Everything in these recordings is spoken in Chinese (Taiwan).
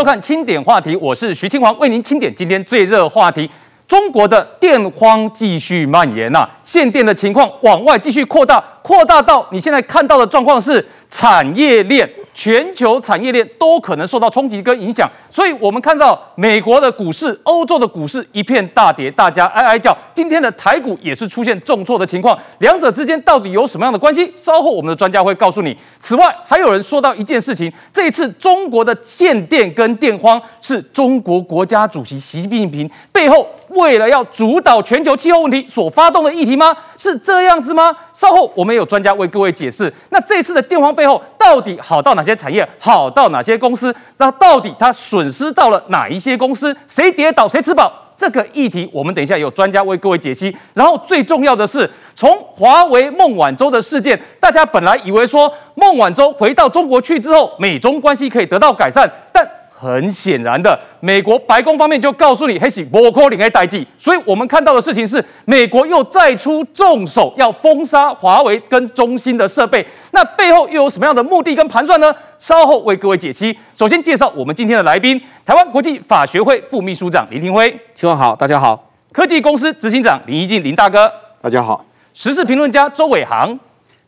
收看嶔點話題，我是徐嶔煌，為您清點今天最熱話題。中國的電荒繼續蔓延吶、啊，限電的情況往外繼續擴大，擴大到你現在看到的狀況是。產業鏈、全球產業鏈都可能受到衝擊跟影響，所以我們看到美國的股市、歐洲的股市一片大跌，大家哀哀叫。今天的台股也是出現重挫的情況，兩者之間到底有什麼樣的關係？稍後我們的專家會告訴你。此外，還有人說到一件事情：這一次中國的限電跟電荒是中國國家主席習近平背後為了要主導全球氣候問題所發動的議題嗎？是這樣子嗎？稍後我們也有專家為各位解釋。那這次的電荒。背後到底好到哪些產業，好到哪些公司？那到底他損失到了哪一些公司？誰跌倒誰吃飽？這個議題，我們等一下有專家為各位解析。然後最重要的是，從華為孟晚舟的事件，大家本來以為說孟晚舟回到中國去之後，美中關係可以得到改善，但。很顯然的，美國白宮方面就告訴你，黑市不扣你 A 代際。所以，我們看到的事情是，美國又再出重手，要封殺華為跟中芯的設備。那背後又有什麼樣的目的跟盤算呢？稍後為各位解析。首先介紹我們今天的來賓：台灣國際法學會副秘書長林廷輝，聽眾好，大家好；科技公司執行長林宜敬，林大哥，大家好；時事評論家周偉航，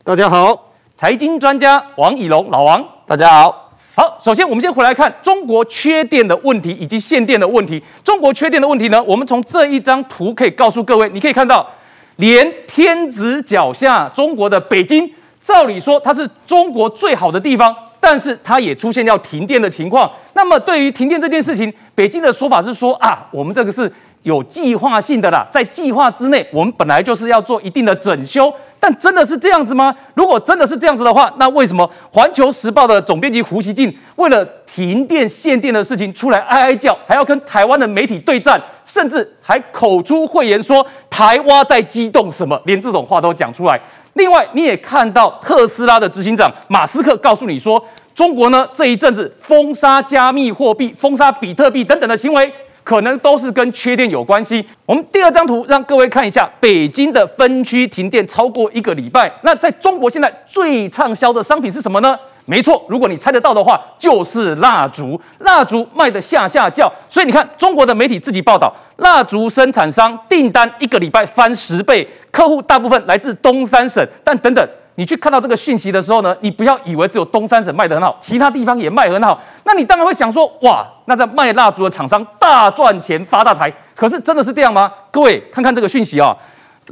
大家好；財經專家王倚隆，老王，大家好。好，首先我們先回來看中國缺電的問題以及限電的問題。中國缺電的問題呢，我們從這一張圖可以告訴各位，你可以看到，連天子腳下中國的北京，照理說它是中國最好的地方，但是它也出現要停電的情況。那麼對於停電這件事情，北京的說法是說啊，我們這個是。有計劃性的啦，在計劃之內，我們本來就是要做一定的整修。但真的是這樣子嗎？如果真的是這樣子的話，那為什麼《環球時報》的總編輯胡錫進為了停電限電的事情出來唉唉叫，還要跟台灣的媒體對戰，甚至還口出穢言說台灣在激動什麼，連這種話都講出來？另外，你也看到特斯拉的執行長馬斯克告訴你說，中國呢這一陣子封殺加密貨幣、封殺比特幣等等的行為。可能都是跟缺電有關係。我們第二張圖讓各位看一下，北京的分區停電超過一個禮拜。那在中國現在最暢銷的商品是什麼呢？沒錯，如果你猜得到的話，就是蠟燭。蠟燭賣得嚇嚇叫，所以你看中國的媒體自己報道，蠟燭生產商訂單一個禮拜翻十倍，客戶大部分來自東三省。但等等。你去看到這個訊息的時候呢，你不要以為只有東三省賣得很好，其他地方也賣得很好。那你當然會想說，哇，那在賣蠟燭的廠商大賺錢發大財。可是真的是這樣嗎？各位看看這個訊息啊、哦，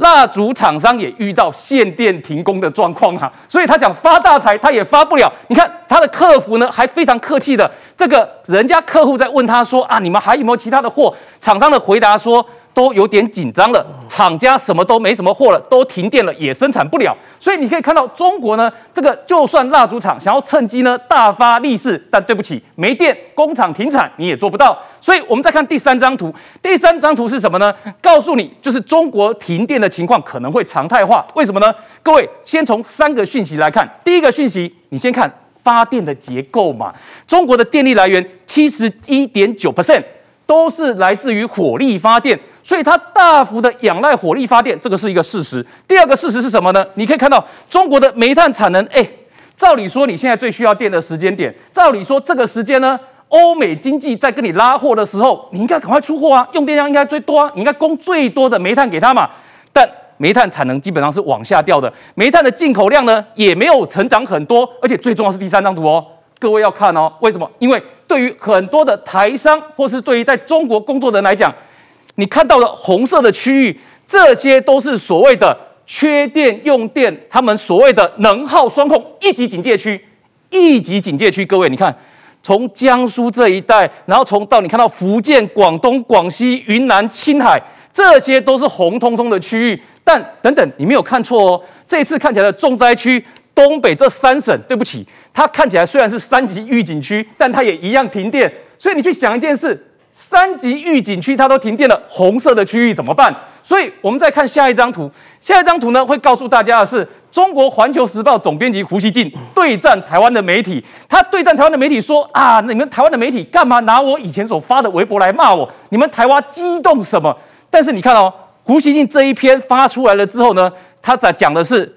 蠟燭廠商也遇到限電停工的狀況啊，所以他想發大財，他也發不了。你看他的客服呢，還非常客氣的，這個人家客戶在問他說啊，你們還有沒有其他的貨？廠商的回答說，都有點緊張了，廠家什麼都沒什麼貨了，都停電了，也生產不了。所以你可以看到，中國呢，這個就算蠟燭廠想要趁機呢大發利市，但對不起，沒電，工廠停產，你也做不到。所以我們再看第三張圖，第三張圖是什麼呢？告訴你，就是中國停電的情況可能會常態化。為什麼呢？各位先從三個訊息來看，第一個訊息，你先看發電的結構嘛，中國的電力來源七十一點九 percent。都是來自於火力發電，所以它大幅的仰賴火力發電，這個是一個事實。第二個事實是什麼呢？你可以看到中國的煤炭產能，誒，照理說你現在最需要電的時間點，照理說這個時間呢，歐美經濟在跟你拉貨的時候，你應該趕快出貨啊，用電量應該最多啊，你應該供最多的煤炭給他嘛。但煤炭產能基本上是往下掉的，煤炭的進口量呢也沒有成長很多，而且最重要是第三張圖哦。各位要看哦，為什麼？因為對於很多的台商或是對於在中國工作的人來講，你看到的紅色的區域，這些都是所謂的缺電用電，他們所謂的能耗雙控一級警戒區，一級警戒區。各位，你看，從江蘇這一帶，然後從到你看到福建、廣東、廣西、雲南、青海，這些都是紅通通的區域。但等等，你沒有看錯哦，這一次看起來的重災區。東北這三省，對不起，它看起來雖然是三級預警區，但它也一樣停電。所以你去想一件事：三級預警區它都停電了，紅色的區域怎麼辦？所以我們再看下一張圖，下一張圖呢會告訴大家的是，中國環球時報總編輯胡錫進對戰台灣的媒體，他對戰台灣的媒體說：“啊，你們台灣的媒體幹嘛拿我以前所發的微博來罵我？你們台灣激動什麼？”但是你看哦，胡錫進這一篇發出來了之後呢，他在講的是。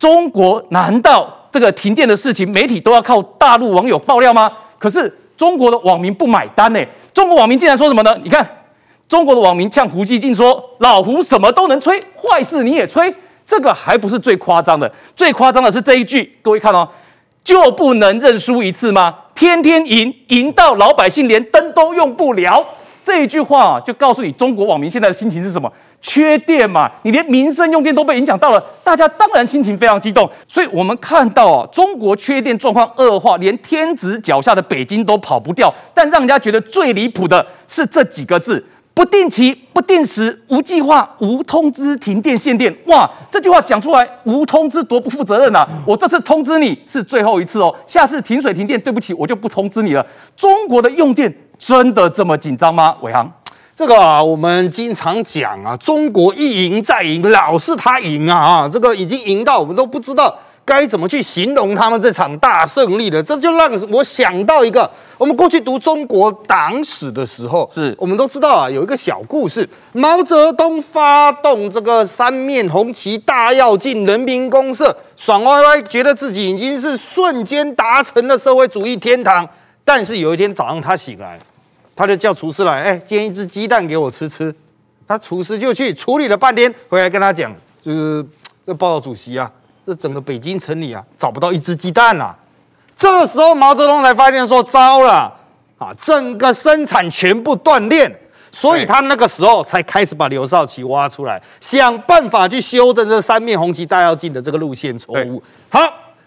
中國難道這個停電的事情，媒體都要靠大陸網友爆料嗎？可是中國的網民不買單呢。中國網民竟然說什麼呢？你看，中國的網民嗆胡錫進說：“老胡什麼都能吹，壞事你也吹。”這個還不是最誇張的，最誇張的是這一句，各位看哦，就不能認輸一次嗎？天天贏，贏到老百姓連燈都用不了。這一句話就告訴你，中國網民現在的心情是什麼？缺電嘛，你連民生用電都被影響到了，大家當然心情非常激動。所以我們看到啊，中國缺電狀況惡化，連天子腳下的北京都跑不掉。但讓人家覺得最離譜的是這幾個字：不定期、不定時、無計劃、無通知停電限電。哇，這句話講出來，無通知多不負責任吶、啊！我這次通知你是最後一次哦，下次停水停電，對不起，我就不通知你了。中國的用電。真的這麼緊張嗎？偉航，這個啊，我們經常講啊，中國一贏再贏，老是他贏啊！啊，這個已經贏到我們都不知道該怎麼去形容他們這場大勝利了。這就讓我想到一個，我們過去讀中國黨史的時候，是我們都知道啊，有一個小故事，毛澤東發動這個三面紅旗，大躍進，人民公社，爽歪歪，覺得自己已經是瞬間達成了社會主義天堂。但是有一天早上他醒來。他就叫廚師來，哎，煎一隻雞蛋給我吃吃。他廚師就去處理了半天，回來跟他講，就是這報告主席啊，這整個北京城裡啊，找不到一隻雞蛋了、啊。這個時候毛澤東才發現說，糟了啊，整個生產全部斷裂。所以他那個時候才開始把劉少奇挖出來，對想辦法去修正這三面紅旗大躍進的這個路線錯誤。對好，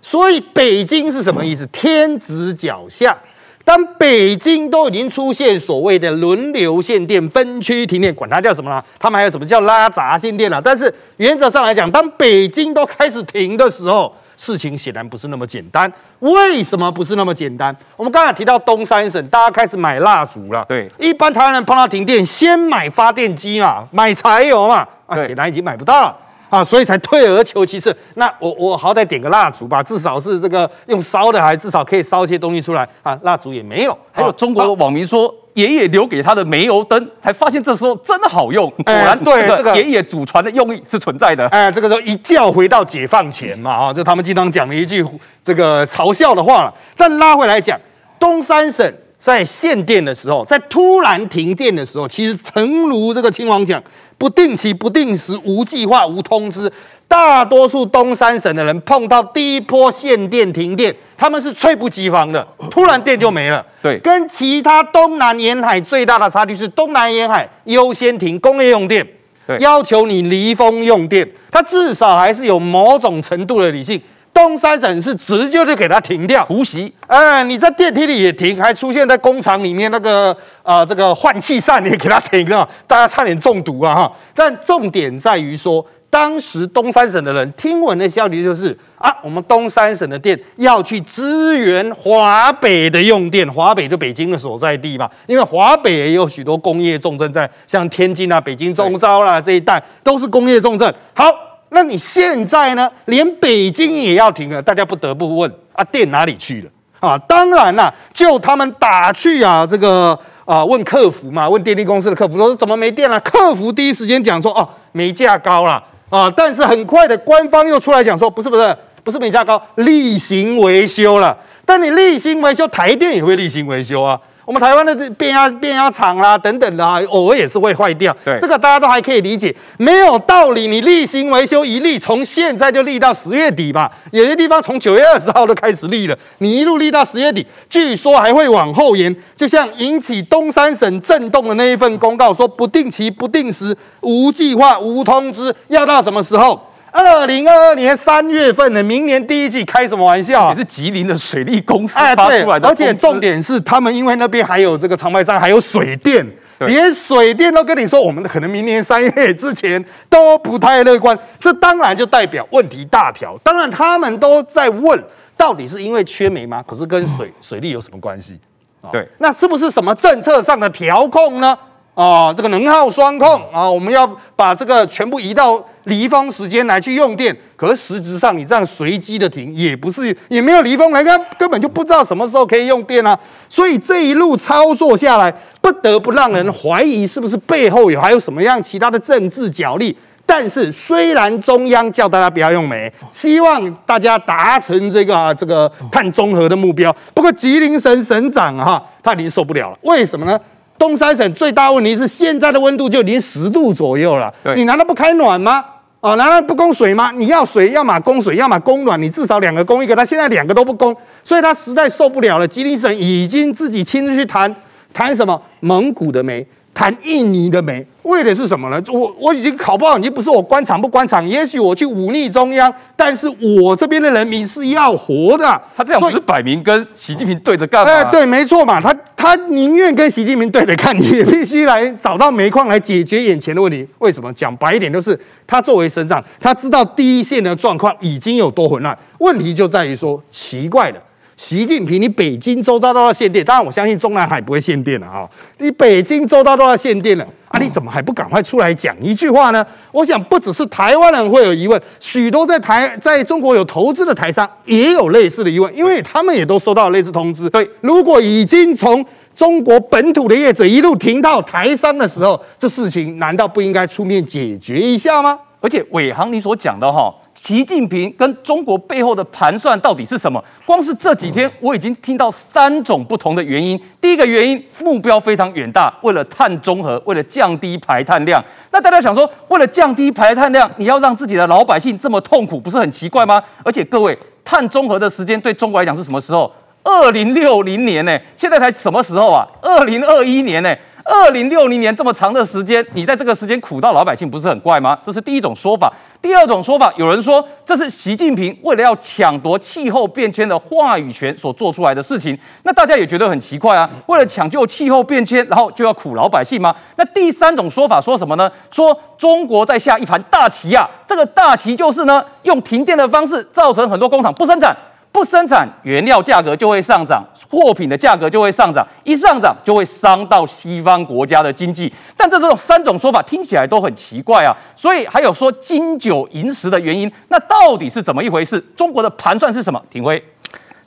所以北京是什麼意思？天子腳下。當北京都已經出現所謂的輪流限電、分區停電，管它叫什麼呢、啊？他們還有什麼叫拉閘限電了、啊？但是原則上來講，當北京都開始停的時候，事情顯然不是那麼簡單。為什麼不是那麼簡單？我們剛才提到東三省，大家開始買蠟燭了。對，一般台灣人碰到停電，先買發電機嘛，買柴油嘛。啊，對顯然已經買不到了。啊，所以才退而求其次。那我我好歹點個蠟燭吧，至少是這個用燒的，還至少可以燒一些東西出來啊。蠟燭也沒有。還有中國網民說，爺爺留給他的煤油燈，才發現這時候真的好用。果然對，這個爺爺祖傳的用意是存在的。哎，這個時候一覺回到解放前嘛，啊，就他們經常講了一句這個嘲笑的話了。但拉回來講，東三省在限電的時候，在突然停電的時候，其實誠如這個親王講。不定期、不定時、無計劃、無通知，大多數東三省的人碰到第一波限電停電，他們是猝不及防的，突然電就沒了。對，跟其他東南沿海最大的差距是，東南沿海優先停工業用電，對要求你離峰用電，它至少還是有某種程度的理性。東三省是直接就給它停掉，呼吸息，哎、嗯，你在電梯裡也停，還出現在工廠裡面那個啊、呃，這個換氣扇也給它停了，大家差點中毒啊哈。但重點在於說，當時東三省的人聽聞的消息就是啊，我們東三省的電要去支援華北的用電，華北就北京的所在地嘛，因為華北也有許多工業重鎮在，像天津啊、北京中、啊、中招啦這一帶都是工業重鎮。好。那你現在呢？連北京也要停了，大家不得不問啊，電哪裡去了啊？當然啦、啊，就他們打去啊，這個啊，問客服嘛，問電力公司的客服，說怎麼沒電了、啊？客服第一時間講說哦，煤價高了啊，但是很快的，官方又出來講說不是不是不是煤價高，例行維修了。但你例行維修，台電也會例行維修啊。我們台灣的變壓變壓廠啦，等等啦，啊，偶爾也是會壞掉。對這個大家都還可以理解，沒有道理。你例行維修，一例從現在就立到十月底吧。有些地方從九月二十號都開始立了，你一路立到十月底，據說還會往後延。就像引起東三省震動的那一份公告，說不定期、不定時、無計劃、無通知，要到什麼時候？二零二二年三月份的明年第一季，開什麼玩笑，啊？也是吉林的水利公司發出來的，哎，而且重點是他們因為那邊還有這個長白山，還有水電，對連水電都跟你說，我們可能明年三月之前都不太樂觀。這當然就代表問題大條。當然他們都在問，到底是因為缺煤嗎？可是跟水、嗯、水利有什麼關係啊？對、哦，那是不是什麼政策上的調控呢？啊、哦，這個能耗雙控啊、嗯哦，我們要把這個全部移到。離峰時間來去用電，可是實質上你這樣隨機的停也不是，也沒有離峰來，根根本就不知道什麼時候可以用電啊。所以這一路操作下來，不得不讓人懷疑是不是背後有還有什麼樣其他的政治角力。但是雖然中央叫大家不要用煤，希望大家達成這個、啊、這個碳中和的目標，不過吉林省省長哈、啊、他已經受不了了。為什麼呢？東三省最大問題是現在的溫度就已經十度左右了，對你難道不開暖嗎？哦，難道不供水嗎？你要水，要麼供水，要麼供暖，你至少兩個供一個。他現在兩個都不供，所以他實在受不了了。吉林省已經自己親自去談。談什麼蒙古的煤，談印尼的煤，為的是什麼呢？我我已經考不好，你不是我官場不官場，也許我去忤逆中央，但是我這邊的人民是要活的。他這樣不是擺明跟習近平對着幹嗎？唉，對，沒錯嘛。他他寧願跟習近平對着幹，你也必須來找到煤礦來解決眼前的問題。為什麼？講白一點，就是他作為省長，他知道第一線的狀況已經有多混亂，問題就在於說奇怪了。習近平，你北京周遭都要限電，當然我相信中南海不會限電了啊、哦！你北京周遭都要限電了啊！你怎麼還不趕快出來講一句話呢？我想不只是台灣人會有疑問，許多在台在中國有投資的台商也有類似的疑問，因為他們也都收到類似通知。對，如果已經從中國本土的業者一路停到台商的時候，這事情難道不應該出面解決一下嗎？而且偉航你所講的哈、哦。習近平跟中國背後的盤算到底是什麼？光是這幾天，我已經聽到三種不同的原因。第一個原因，目標非常遠大，為了碳中和，為了降低排碳量。那大家想說，為了降低排碳量，你要讓自己的老百姓這麼痛苦，不是很奇怪嗎？而且各位，碳中和的時間對中國來講是什麼時候？二零六零年呢、欸？現在才什麼時候啊？二零二一年呢、欸？二零六零年這麼長的時間，你在這個時間苦到老百姓不是很怪嗎？這是第一種說法。第二種說法，有人說這是習近平為了要搶奪氣候變遷的話語權所做出來的事情。那大家也覺得很奇怪啊，為了搶救氣候變遷，然後就要苦老百姓嗎？那第三種說法說什麼呢？說中國在下一盤大棋呀，這個大棋就是呢，用停電的方式造成很多工廠不生產。不生產原料，價格就會上漲，貨品的價格就會上漲，一上漲就會傷到西方國家的經濟。但這三種說法聽起來都很奇怪啊，所以還有說金九銀十的原因，那到底是怎麼一回事？中國的盤算是什麼？廷輝，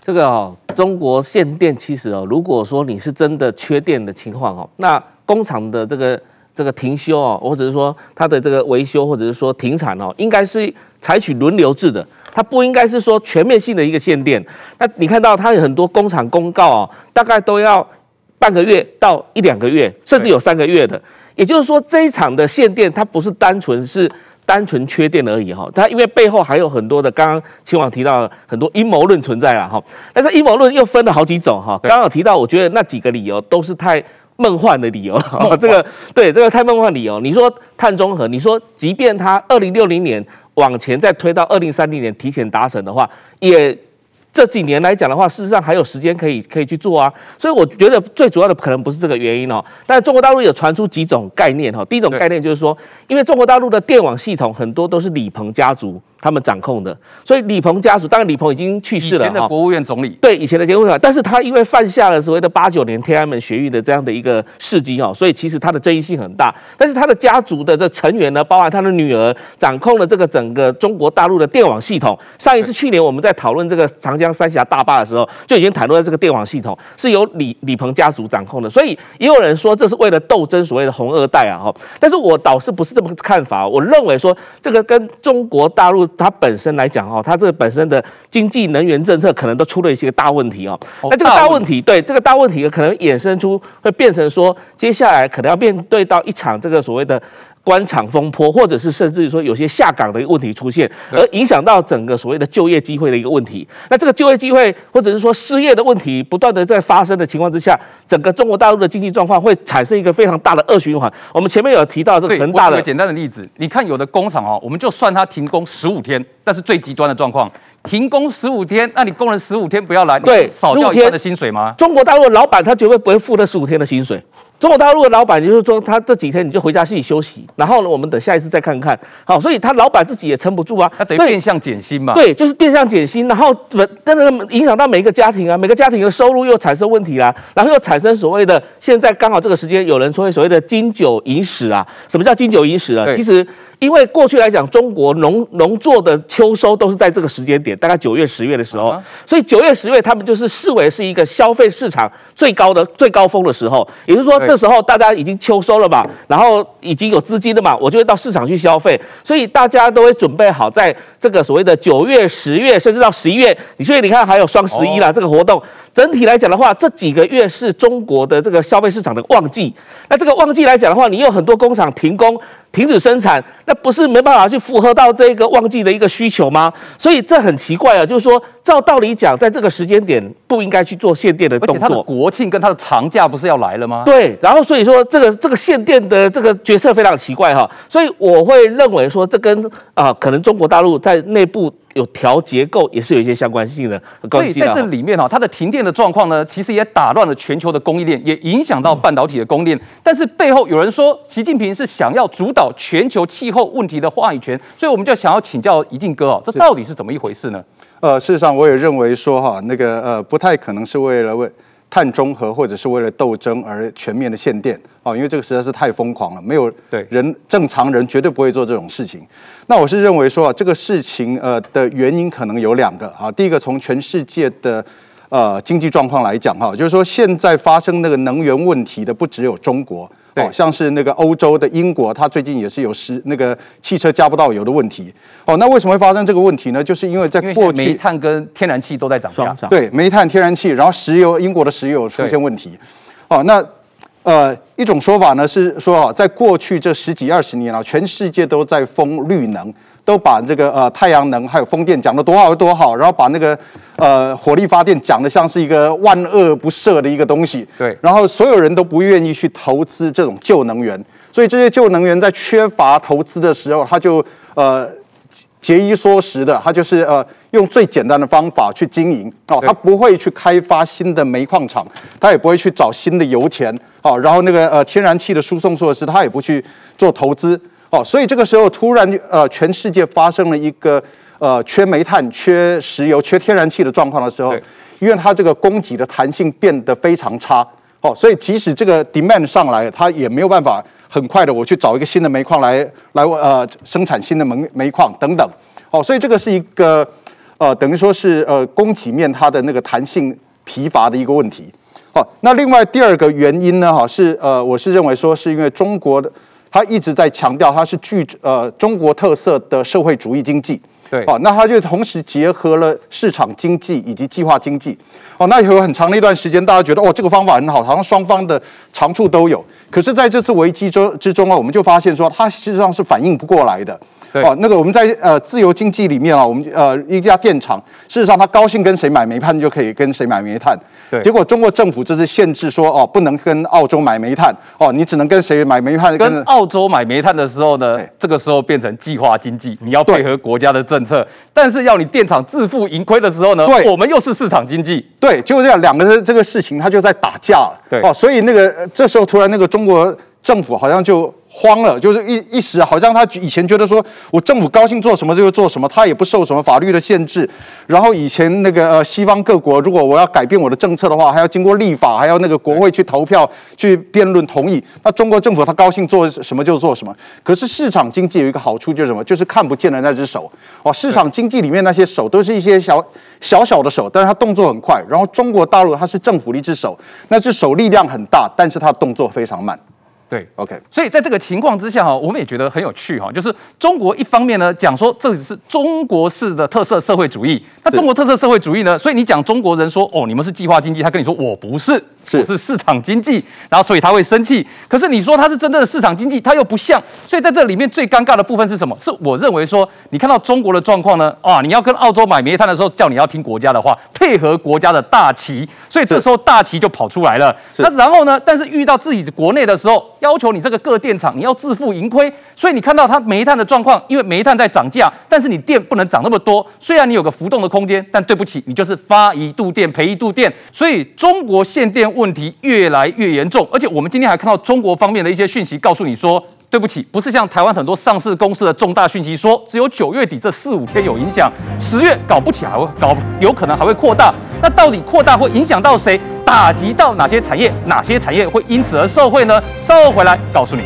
這個、哦、中國限電，其實哦，如果說你是真的缺電的情況哦，那工廠的這個這個停休哦，或者是說它的這個維修或者是說停產哦，應該是採取輪流制的。它不應該是說全面性的一個限電，那你看到它有很多工廠公告哦，大概都要半個月到一兩個月，甚至有三個月的。也就是說，這一場的限電，它不是單純是單純缺電而已哈、哦，它因為背後還有很多的，剛剛嶔煌提到的很多陰謀論存在了哈。但是陰謀論又分了好幾種哈，剛剛提到，我覺得那幾個理由都是太夢幻的理由。這個對這個太夢幻理由，你說碳中和，你說即便它二零六零年。往前再推到二零三零年提前達成的話，也這幾年來講的話，事實上還有時間可以可以去做啊。所以我覺得最主要的可能不是這個原因哦。但中國大陸有傳出幾種概念哈、哦，第一種概念就是說，對 因為中國大陸的電網系統很多都是李鵬家族。他們掌控的，所以李鵬家族，當然李鵬已經去世了哈。以前的國務院總理、哦、對以前的國務，但是他因為犯下了所謂的八九年天安門學運的這樣的一個事蹟哈、哦，所以其實他的爭議性很大。但是他的家族的這成員呢，包含他的女兒，掌控了這個整個中國大陸的電網系統。上一次對去年我們在討論這個長江三峽大壩的時候，就已經談論這個電網系統是由李李鵬家族掌控的。所以也有人說這是為了鬥爭所謂的紅二代啊哈、哦。但是我倒是不是這麼看法，我認為說這個跟中國大陸。它本身來講哦，它這個本身的經濟能源政策可能都出了一些大問題哦。那這個大問題，問題對這個大問題，可能衍生出會變成說，接下來可能要面對到一場這個所謂的。官場風波，或者是甚至於說有些下崗的一個問題出現，而影響到整個所謂的就業機會的一個問題。那這個就業機會，或者是說失業的問題，不斷的在發生的情況之下，整個中國大陸的經濟狀況會產生一個非常大的惡循環。我們前面有提到，這很大的簡單的例子，你看有的工廠哦，我們就算它停工十五天，那是最極端的狀況。停工十五天，那你工人十五天不要來，對，少掉一天的薪水嗎？中國大陸的老闆他絕對不會付那十五天的薪水。中國大陸的老闆，就是說，他這幾天你就回家自己休息。然後呢，我們等下一次再看看。好，所以他老闆自己也撐不住啊，他得變相減薪嘛。對，就是變相減薪，然後真的影響到每個家庭啊，每個家庭的收入又產生問題啦，啊，然後又產生所謂的現在剛好這個時間有人說所謂的金九銀十啊，什麼叫金九銀十啊？對其實。因為過去來講，中國農農作的秋收都是在這個時間點，大概九月、十月的時候，所以九月、十月他們就是視為是一個消費市場最高的最高峰的時候，也就是說，這時候大家已經秋收了嘛，然後。已經有資金的嘛，我就會到市場去消費，所以大家都會準備好在這個所謂的九月、十月，甚至到十一月。所以你看，還有雙十一啦，哦、這個活動。整體來講的話，這幾個月是中國的這個消費市場的旺季。那這個旺季來講的話，你有很多工廠停工、停止生產，那不是沒辦法去符合到這個旺季的一個需求嗎？所以這很奇怪啊，就是說。照道理講，在這個時間點不應該去做限電的動作。而且它的國慶跟它的長假不是要來了嗎？對，然後所以說這個這個限電的這個決策非常的奇怪哈、哦。所以我會認為說，這跟啊、呃，可能中國大陸在內部有調結構，也是有一些相關性的，所以對，在這裡面哈、哦，它的停電的狀況呢，其實也打亂了全球的供應鏈，也影響到半導體的供應鏈。嗯、但是背後有人說，習近平是想要主導全球氣候問題的話語權，所以我們就想要請教宜敬哥哦，這到底是怎麼一回事呢？呃，事實上我也認為說哈、啊，那個呃，不太可能是為了為碳中和或者是為了鬥爭而全面的限電啊，因為這個實在是太瘋狂了，沒有人對正常人絕對不會做這種事情。那我是認為說啊，這個事情呃的原因可能有兩個啊，第一個從全世界的。呃，經濟狀況來講哈、哦，就是說現在發生那個能源問題的不只有中國，對、哦，像是那個歐洲的英國，它最近也是有石那個汽車加不到油的問題。哦，那為什麼會發生這個問題呢？就是因為在過去，煤炭跟天然氣都在漲價，啊啊、對，煤炭、天然氣，然後石油，英國的石油出現問題。對哦，那呃一種說法呢是說，啊、哦，在過去這十幾二十年啊，全世界都在封綠能。都把這個呃太陽能還有風電講得多好多好，然後把那個呃火力發電講得像是一個萬惡不赦的一個東西。對，然後所有人都不願意去投資這種舊能源，所以這些舊能源在缺乏投資的時候，他就呃節衣縮食的，他就是呃用最簡單的方法去經營哦，對他不會去開發新的煤礦廠，他也不會去找新的油田哦，然後那個呃天然氣的輸送措施他也不去做投資。所以這個時候突然呃，全世界發生了一個呃缺煤炭、缺石油、缺天然氣的狀況的時候，對因為它這個供給的彈性變得非常差。好、哦，所以即使這個 demand 上來，它也沒有辦法很快的我去找一個新的煤礦來來呃生產新的煤煤礦等等。好、哦，所以這個是一個呃等於說是呃供給面它的那個彈性疲乏的一個問題。好、哦，那另外第二個原因呢，哈、哦、是呃我是認為說是因為中國的。他一直在強調，它是具呃中國特色的社會主義經濟，對，哦，那他就同時結合了市場經濟以及計劃經濟，哦，那有很長的一段時間，大家覺得哦，這個方法很好，好像雙方的長處都有。可是，在這次危機之之中啊，我們就發現說，它實際上是反應不過來的。對哦，那個我們在呃自由經濟裡面啊、哦，我們呃一家電廠，事實上他高興跟誰買煤炭就可以跟誰買煤炭。對結果中國政府這是限制說哦，不能跟澳洲買煤炭，哦，你只能跟誰買煤炭，跟澳洲買煤炭的時候呢，對這個時候變成計劃經濟，你要配合國家的政策。對但是要你電廠自負盈虧的時候呢，對我們又是市場經濟。對，就這樣兩個這個事情它就在打架了。對哦，所以那個、呃、這時候突然那個中國政府好像就。慌了，就是一一時，好像他以前覺得說，我政府高興做什麼就做什麼，他也不受什麼法律的限制。然後以前那個呃西方各國，如果我要改變我的政策的話，還要經過立法，還要那個國會去投票、對去辯論、同意。那中國政府他高興做什麼就做什麼。可是市場經濟有一個好處就是什麼，就是看不見的那只手。哦，市場經濟裡面那些手都是一些小小小的手，但是它動作很快。然後中國大陸它是政府的一只手，那只手力量很大，但是它動作非常慢。對，OK。所以在這個情況之下哈，我們也覺得很有趣哈，就是中國一方面呢講說這只是中國式的特色社會主義，那中國特色社會主義呢，是所以你講中國人說哦，你們是計劃經濟，他跟你說我不是。是，是市場經濟，然後所以他會生氣。可是你說它是真正的市場經濟，它又不像。所以在這裡面最尷尬的部分是什麼？是我認為說，你看到中國的狀況呢？啊，你要跟澳洲買煤炭的時候，叫你要聽國家的話，配合國家的大旗。所以這時候大旗就跑出來了。是那然後呢？但是遇到自己國內的時候，要求你這個各電廠你要自負盈虧。所以你看到它煤炭的狀況，因為煤炭在漲價，但是你電不能漲那麼多。雖然你有個浮動的空間，但對不起，你就是發一度電賠一度電。所以中國限電。問題越來越嚴重，而且我們今天還看到中國方面的一些訊息，告訴你說：“對不起，不是像台灣很多上市公司的重大訊息說，說只有九月底這四五天有影響，十月搞不起還會搞有可能還會擴大。那到底擴大會影響到誰？打擊到哪些產業？哪些產業會因此而受惠呢？”稍後回來告訴你。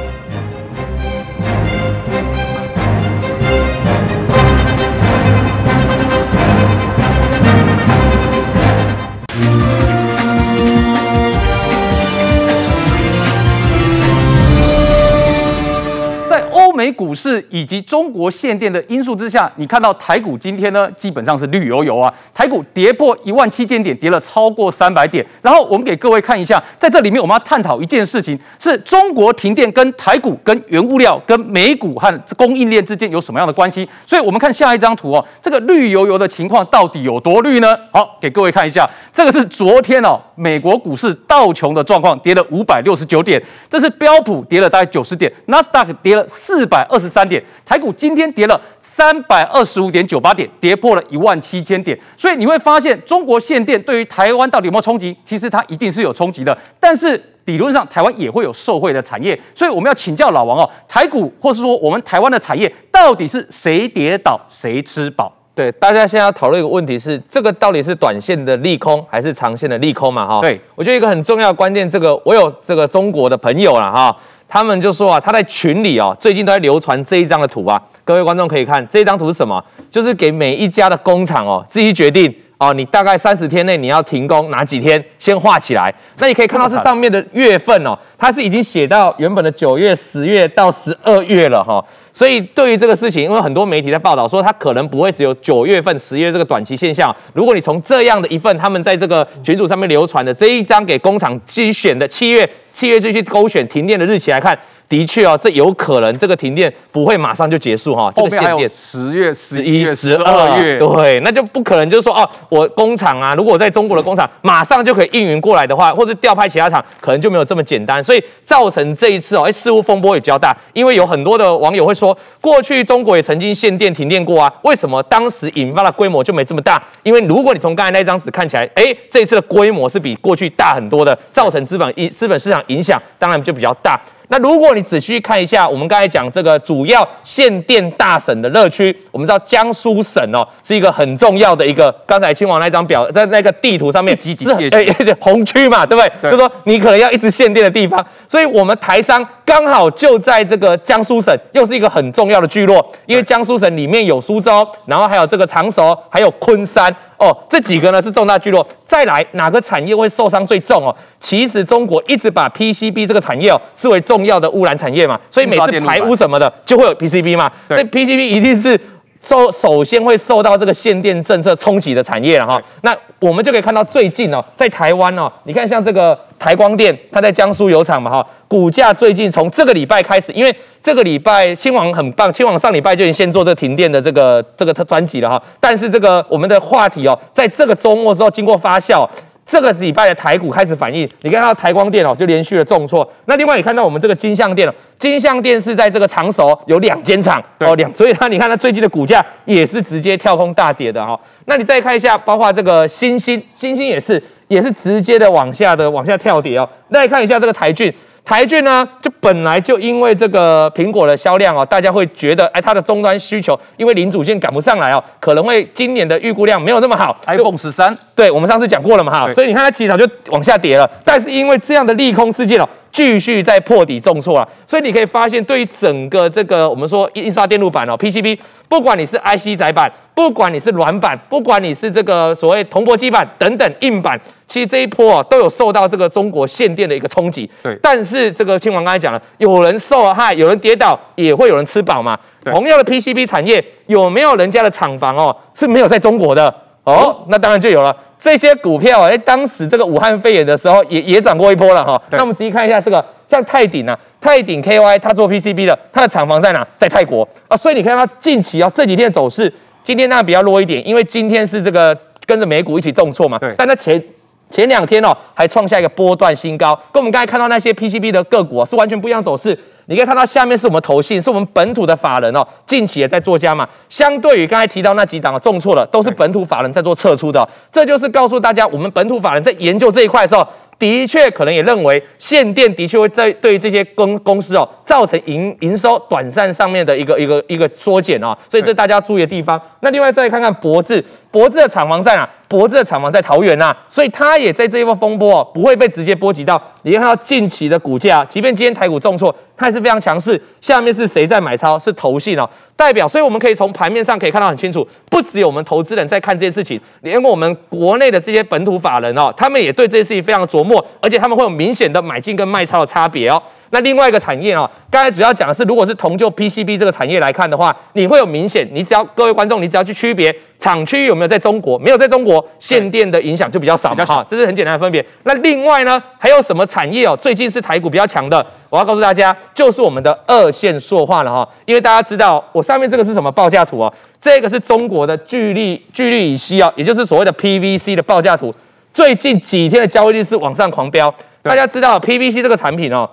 美股市以及中國限電的因素之下，你看到台股今天呢，基本上是綠油油啊！台股跌破一萬七千點，跌了超過三百點。然後我們給各位看一下，在這裡面我們要探討一件事情，是中國停電跟台股、跟原物料、跟美股和供應鏈之間有什麼樣的關係？所以，我們看下一張圖哦，這個綠油油的情況到底有多綠呢？好，給各位看一下，這個是昨天哦，美國股市道瓊的狀況，跌了五百六十九點，這是標普跌了大概九十點，納斯達克跌了四百二十三點，台股今天跌了三百二十五點九八點，跌破了一萬七千點。所以你會發現，中國限電對於台灣到底有沒有衝擊？其實它一定是有衝擊的。但是理論上，台灣也會有受惠的產業。所以我們要請教老王哦，台股或是說我們台灣的產業，到底是誰跌倒誰吃飽？對，大家現在要討論一個問題是，是這個到底是短線的利空還是長線的利空嘛？哈，對，我覺得一個很重要關鍵，這個我有這個中國的朋友了哈。他們就說啊，他在群裡哦，最近都在流傳這一張的圖啊。各位觀眾可以看這一張圖是什麼？就是給每一家的工廠哦，自己決定哦，你大概三十天內你要停工哪幾天，先畫起來。那你可以看到是上面的月份哦，它是已經寫到原本的九月、十月到十二月了哈、哦。所以對於這個事情，因為很多媒體在報道說，他可能不會只有九月份、十月這個短期現象。如果你從這樣的一份他們在這個群組上面流傳的這一張給工廠去選的七月、七月這些勾選停電的日期來看，的確哦，這有可能這個停電不會馬上就結束哈、哦。後面還有十月、十一、十二月，對，那就不可能就是說哦、啊，我工廠啊，如果我在中國的工廠馬上就可以運營過來的話，或者調派其他廠，可能就沒有這麼簡單。所以造成這一次哦，哎，似乎風波也比較大，因為有很多的網友會說。過去中國也曾經限電、停電過啊，為什麼當時引發的規模就沒這麼大？因為如果你從剛才那張紙看起來，哎、欸，這次的規模是比過去大很多的，造成資本、一資本市場影響當然就比較大。那如果你仔細看一下，我們剛才講這個主要限電大省的熱區，我們知道江蘇省哦、喔，是一個很重要的一個，剛才親王那張表在那個地圖上面是誒、欸欸，紅區嘛，對不對？對，就說你可能要一直限電的地方，所以我們台商。剛好就在這個江蘇省，又是一個很重要的聚落，因為江蘇省裡面有蘇州，然後還有這個常熟，還有昆山哦，這幾個呢是重大聚落。再來，哪個產業會受傷最重哦？其實中國一直把 PCB 這個產業哦視為重要的污染產業嘛，所以每次排污什麼的就會有 PCB 嘛，所以 PCB 一定是。受首先會受到這個限電政策衝擊的產業了哈，對那我們就可以看到最近哦，在台灣哦，你看像這個台光電，它在江蘇有廠嘛哈，股價最近從這個禮拜開始，因為這個禮拜清王很棒，清王上禮拜就已經先做這停電的這個這個特專輯了哈，但是這個我們的話題哦，在這個周末之後經過發酵。這個禮拜的台股開始反應，你看到台光電哦，就連續的重挫。那另外你看到我們這個金像電哦，金像電是在這個常熟有兩間廠對哦兩，所以它你看它最近的股價也是直接跳空大跌的哈。那你再看一下，包括這個欣興，欣興也是也是直接的往下的往下跳跌哦。那你看一下這個台郡。台股呢、啊，就本來就因為這個蘋果的銷量哦，大家會覺得，哎，它的終端需求，因為零組件趕不上來哦，可能會今年的預估量沒有那麼好。iPhone 十三，對，我們上次講過了嘛哈，對所以你看它其實早就往下跌了，但是因為這樣的利空事件哦。繼續在破底重挫了、啊，所以你可以發現，對於整個這個我們說印刷電路板哦 （PCB），不管你是 IC 載板，不管你是軟板，不管你是這個所謂銅箔基板等等硬板，其實這一波啊、哦、都有受到這個中國限電的一個衝擊。對但是這個青王嶔煌剛才講了，有人受害，有人跌倒，也會有人吃飽嘛。同樣的 PCB 產業，有沒有人家的廠房哦？是沒有在中國的。哦，那當然就有了。這些股票，哎、欸，當時這個武漢肺炎的時候也，也也漲過一波了哈。對那我們仔細看一下這個，像泰鼎啊，泰鼎 KY，它做 PCB 的，它的廠房在哪？在泰國啊。所以你看它近期啊、哦，這幾天的走勢，今天當然比較弱一點，因為今天是這個跟着美股一起重挫嘛。對，但它前前兩天哦，還創下一個波段新高，跟我們剛才看到那些 PCB 的個股是完全不一樣走勢。你可以看到下面是我們投信，是我們本土的法人哦，近期也在做加嘛。相對於剛才提到那幾檔啊，重挫了，都是本土法人在做撤出的，這就是告訴大家，我們本土法人在研究這一塊的時候，的確可能也認為限電的確會在對於這些公公司哦造成營營收短暫上面的一個一個一個縮減啊，所以這大家注意的地方。那另外再來看看博智。博智的廠房在哪？博智的廠房在桃園吶，所以他也在這一波風波哦，不會被直接波及到。你看到近期的股價、啊，即便今天台股重挫，它還是非常強勢。下面是誰在買超？是投信哦，代表。所以我們可以從盤面上可以看到很清楚，不只有我們投資人在看這些事情，連我們國內的這些本土法人哦，他們也對這些事情非常著墨，而且他們會有明顯的買進跟賣超的差別哦。那另外一個產業哦，剛才主要講的是，如果是同就 PCB 這個產業來看的話，你會有明顯，你只要各位觀眾，你只要去區別廠區有沒有在中國，沒有在中國限電的影響就比較少，好，這是很簡單的分別。那另外呢，還有什麼產業哦？最近是台股比較強的，我要告訴大家，就是我們的二線塑化了哈、哦。因為大家知道，我上面這個是什麼報價圖哦？這個是中國的聚氯、聚氯乙烯哦，也就是所謂的 PVC 的報價圖。最近幾天的交易率是往上狂飆。對大家知道 PVC 這個產品哦。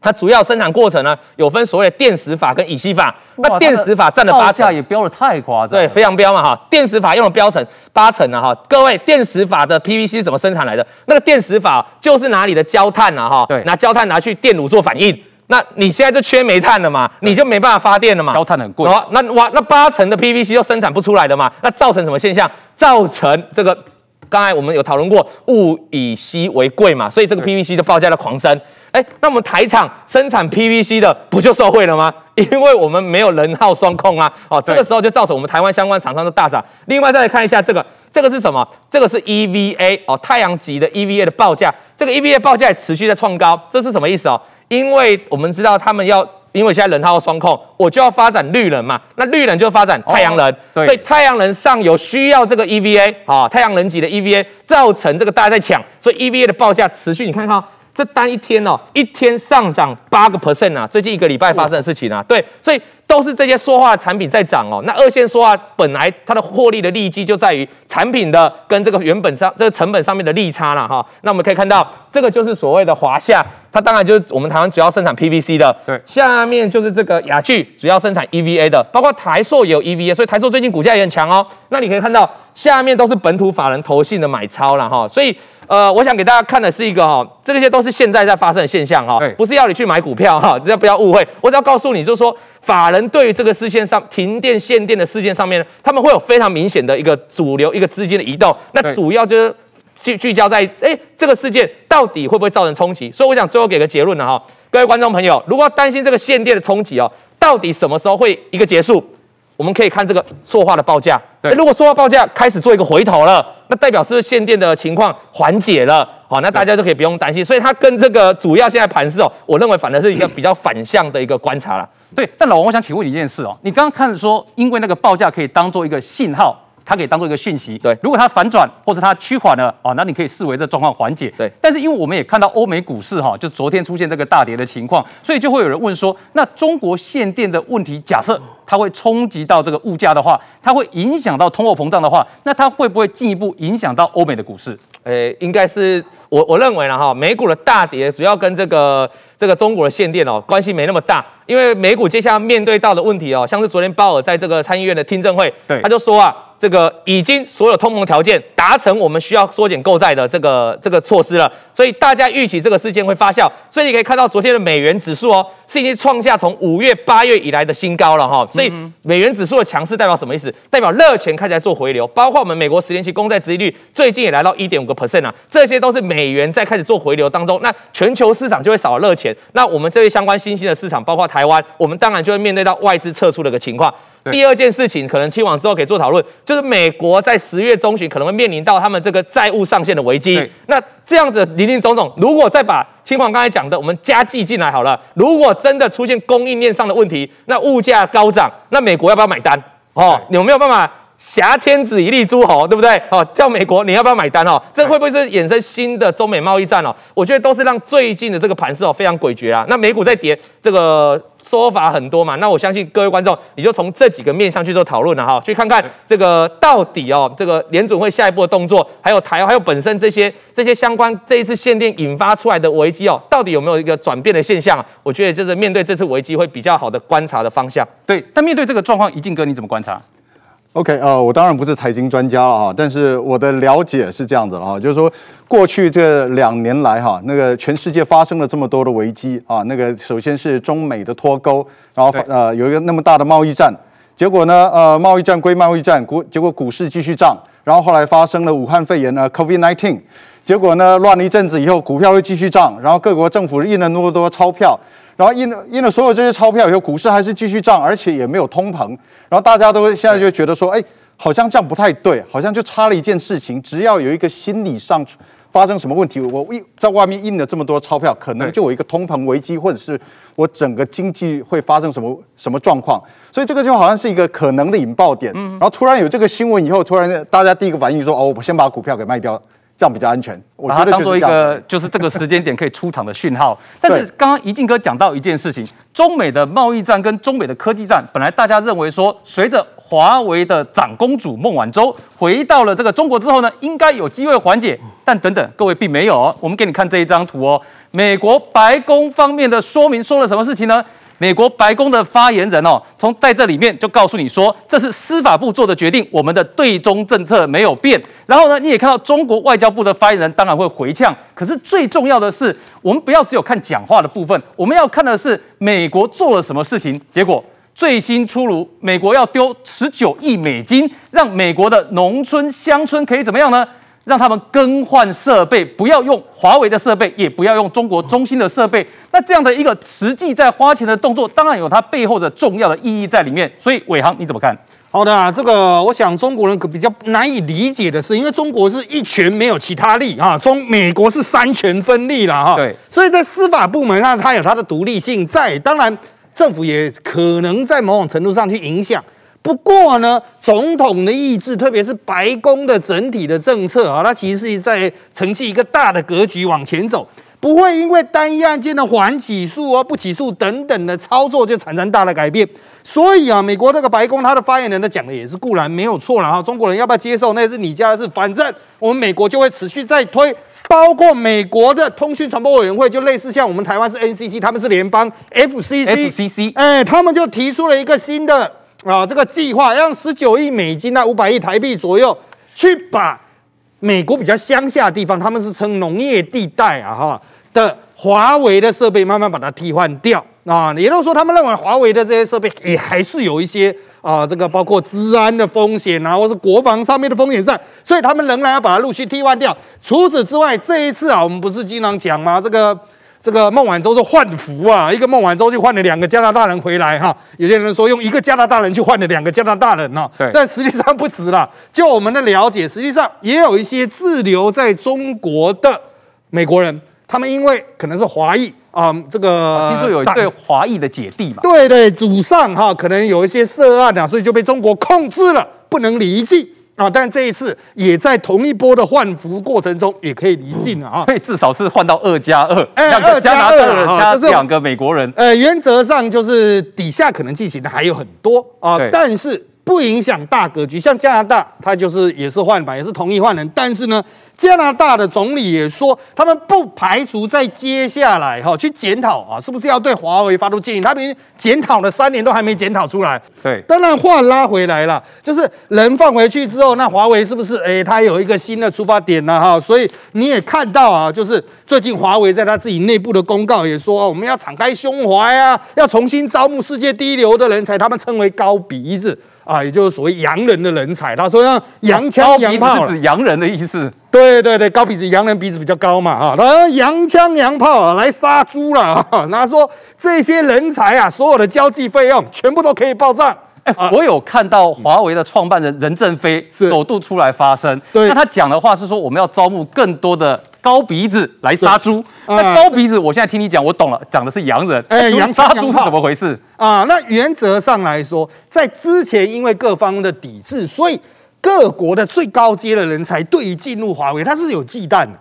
它主要生產過程呢，有分所謂的電石法跟乙烯法。哇那電石法占了八成，報價也飆的太誇張，對，非常飆嘛哈、哦。電石法用了標成八成哈、啊。各位，電石法的 PVC 怎麼生產來的？那個電石法就是拿你的焦炭啊哈，哦、對，拿焦炭拿去電爐做反應。那你現在就缺煤炭了嘛，對你就沒辦法發電了嘛，焦炭很貴。好、哦，那哇，那八成的 PVC 就生產不出來的嘛，那造成什麼現象？造成這個，剛才我們有討論過，物以稀為貴嘛，所以這個 PVC 的報價的狂升。哎，那我們台廠生產 PVC 的不就受惠了嗎？因為我們沒有能耗雙控啊，哦，這個時候就造成我們台灣相關廠商的大漲。另外再來看一下這個，這個是什麼？這個是 EVA 哦，太陽級的 EVA 的報價，這個 EVA 報價也持續在創高，這是什麼意思哦？因為我們知道他們要，因為現在能耗雙控，我就要發展綠能嘛，那綠能就發展太陽能，哦、對，所以太陽能上游需要這個 EVA 哦，太陽能級的 EVA，造成這個大家在搶，所以 EVA 的報價持續，你看哈。這單一天哦，一天上漲八個 percent 啊！最近一個禮拜發生的事情啊，對，所以都是這些塑化產品在漲哦。那二線塑化本來它的獲利的利基就在於產品的跟這個原本上這個成本上面的利差了哈、哦。那我們可以看到，這個就是所謂的華夏，它當然就是我們台灣主要生產 PVC 的。對，下面就是這個亞聚，主要生產 EVA 的，包括台塑也有 EVA，所以台塑最近股價也很強哦。那你可以看到，下面都是本土法人投信的買超了哈、哦，所以。呃，我想給大家看的是一個哈，這些都是現在在發生的現象哈，不是要你去買股票哈，大家不要誤會。我只要告訴你，就是說，法人對於這個事件上停電限電的事件上面，他們會有非常明顯的一個主流一個資金的移動。那主要就是聚聚焦在哎，這個事件到底會不會造成衝擊？所以我想最後給個結論呢哈，各位觀眾朋友，如果擔心這個限電的衝擊哦，到底什麼時候會一個結束？我們可以看這個塑化的報價。對，如果塑化報價開始做一個回頭了，那代表是不是限電的情況緩解了？好，那大家就可以不用擔心。對所以它跟這個主要現在盤勢哦，我認為反而是一個比較反向的一個觀察了。對，但老王，我想請問你一件事哦，你剛剛看說，因為那個報價可以當做一個信號。它可以當做一個訊息，對。如果它反轉或者它趨緩了哦，那你可以視為這狀況緩解，對。但是因為我們也看到歐美股市哈、喔，就昨天出現這個大跌的情況，所以就會有人問說，那中國限電的問題，假設它會衝擊到這個物價的話，它會影響到通貨膨脹的話，那它會不會進一步影響到歐美的股市？誒、欸，應該是我我認為呢哈、喔，美股的大跌主要跟這個這個中國的限電哦、喔，關係沒那麼大，因為美股接下來面對到的問題哦、喔，像是昨天鮑爾在這個參議院的聽證會，對，他就說啊。這個已經所有通膨條件達成，我們需要縮減購債的這個這個措施了，所以大家預期這個事件會發酵，所以你可以看到昨天的美元指數哦，是已經創下從五月八月以來的新高了哈、哦，所以美元指數的強勢代表什麼意思？代表熱錢開始在做回流，包括我們美國十年期公債殖利率最近也來到一點五個 percent 啊，這些都是美元在開始做回流當中，那全球市場就會少了熱錢，那我們這些相關新興的市場，包括台灣，我們當然就會面對到外資撤出的一個情況。對第二件事情，可能親王之後可以做討論，就是美國在十月中旬可能會面臨到他們這個債務上限的危機。對那這樣子林林總總，如果再把親王剛才講的我們加計進來好了，如果真的出現供應鏈上的問題，那物價高漲，那美國要不要買單？哦，你有對沒有辦法挾天子以令諸侯，對不對？哦，叫美國你要不要買單？哦，這會不會是衍生新的中美貿易戰？哦，我覺得都是讓最近的這個盤勢哦非常詭譎啊。那美股在跌，這個。說法很多嘛，那我相信各位觀眾，你就從這幾個面向去做討論了、啊、哈，去看看這個到底哦，這個聯準會下一步的動作，還有台，還有本身這些這些相關這一次限電引發出來的危機哦，到底有沒有一個轉變的現象、啊？我覺得就是面對這次危機，會比較好的觀察的方向。對，但面對這個狀況，宜敬哥你怎麼觀察？OK，呃、uh，我當然不是財經專家了哈，但是我的了解是這樣子的啊，就是說，過去這兩年來哈，那個全世界發生了這麼多的危機啊，那個首先是中美的脫鈎，然後對呃有一個那麼大的貿易戰，結果呢，呃貿易戰歸貿易戰，股結果股市繼續漲，然後後來發生了武漢肺炎的 COVID-19 結果呢？亂了一陣子以後，股票又繼續漲，然後各國政府印了那麼多鈔票，然後印了印了所有這些鈔票以後，股市還是繼續漲，而且也沒有通膨。然後大家都現在就覺得說，哎對，好像這樣不太對，好像就差了一件事情。只要有一個心理上發生什麼問題，我在外面印了這麼多鈔票，可能就有一個通膨危機，或者是我整個經濟會發生什麼什麼狀況。所以這個就好像是一個可能的引爆點。然後突然有這個新聞以後，突然大家第一個反應說，哦，我先把股票給賣掉。這樣比較安全我覺得、啊，把它當作一個就是這個時間點可以出場的訊號。 但是剛剛宜敬哥講到一件事情，中美的貿易戰跟中美的科技戰，本來大家認為說，隨着華為的長公主孟晚舟回到了這個中國之後呢，應該有機會緩解。但等等，各位並沒有、哦。我們給你看這一張圖哦，美國白宮方面的說明說了什麼事情呢？美國白宮的發言人哦，從在這裡面就告訴你說，這是司法部做的決定，我們的對中政策沒有變。然後呢，你也看到中國外交部的發言人當然會回嗆。可是最重要的是，我們不要只有看講話的部分，我們要看的是美國做了什麼事情。結果最新出爐，美國要丟十九億美金，讓美國的農村、鄉村可以怎麼樣呢？讓他們更換設備，不要用華為的設備，也不要用中國中興的設備。那這樣的一個實際在花錢的動作，當然有它背後的重要的意義在裡面。所以，偉航你怎麼看？好的、啊，這個我想中國人可比較難以理解的是，因為中國是一權沒有其他力啊，中美國是三權分立了哈。啊、對。所以在司法部門上、啊，它有它的獨立性在，當然政府也可能在某種程度上去影響。不過呢，總統的意志，特別是白宮的整體的政策啊，它其實是在呈現一個大的格局往前走，不會因為單一案件的緩起訴哦、啊、不起訴等等的操作就產生大的改變。所以啊，美國這個白宮他的發言人的講的也是固然沒有錯啦哈。中國人要不要接受，那是你家的事，反正我們美國就會持續在推，包括美國的通訊傳播委員會，就類似像我們台灣是 NCC，他們是聯邦 FCC，哎 FCC、嗯，他們就提出了一個新的。啊，這個計劃要用十九億美金到五百億台幣左右，去把美國比較鄉下地方，他們是稱農業地帶啊哈的華為的設備，慢慢把它替換掉啊。也就是說，他們認為華為的這些設備也還是有一些啊，這個包括資安的風險啊，或者是國防上面的風險在，所以他們仍然要把它陸續替換掉。除此之外，這一次啊，我們不是經常講嗎？這個。這個孟晚舟是換俘啊，一個孟晚舟就換了兩個加拿大人回來哈。有些人說用一個加拿大人去換了兩個加拿大人啊，對，但實際上不止了。就我們的了解，實際上也有一些滯留在中國的美國人，他們因為可能是華裔啊、嗯，這個、啊、聽說有一對華裔的姐弟嘛，對對，祖上哈可能有一些涉案啊，所以就被中國控制了，不能離境。啊、哦！但這一次也在同一波的換俘過程中，也可以離近了啊、哦！所以至少是換到二加二，兩、欸、個加拿大人加兩個美國人。二加二呃，原則上就是底下可能進行的還有很多啊，呃、對但是不影響大格局。像加拿大，它就是也是換版，也是同意換人，但是呢。加拿大的總理也說，他們不排除在接下來哈去檢討啊，是不是要對華為發出建議？他們已經檢討了三年都還沒檢討出來。對，當然話拉回來了，就是人放回去之後，那華為是不是哎，他有一個新的出發點了哈？所以你也看到啊，就是最近華為在他自己內部的公告也說，我們要敞開胸懷啊，要重新招募世界第一流的人才，他們稱為高鼻子。啊，也就是所謂洋人的人才，他說，讓、啊、洋槍洋炮洋人的意思。對對對，高鼻子，洋人鼻子比較高嘛，啊，他、啊、說洋槍洋炮、啊、來殺豬了，他、啊、說這些人才啊，所有的交際費用全部都可以報賬。欸啊、我有看到華為的創辦人任正非首度出來發聲，對，那他講的話是說，我們要招募更多的。高鼻子來殺豬，嗯、那高鼻子，我現在聽你講，這我懂了，講的是洋人。欸、哎，殺豬洋是怎麼回事啊？那原則上來說，在之前因為各方的抵制，所以各國的最高階的人才對於進入華為，他是有忌憚的，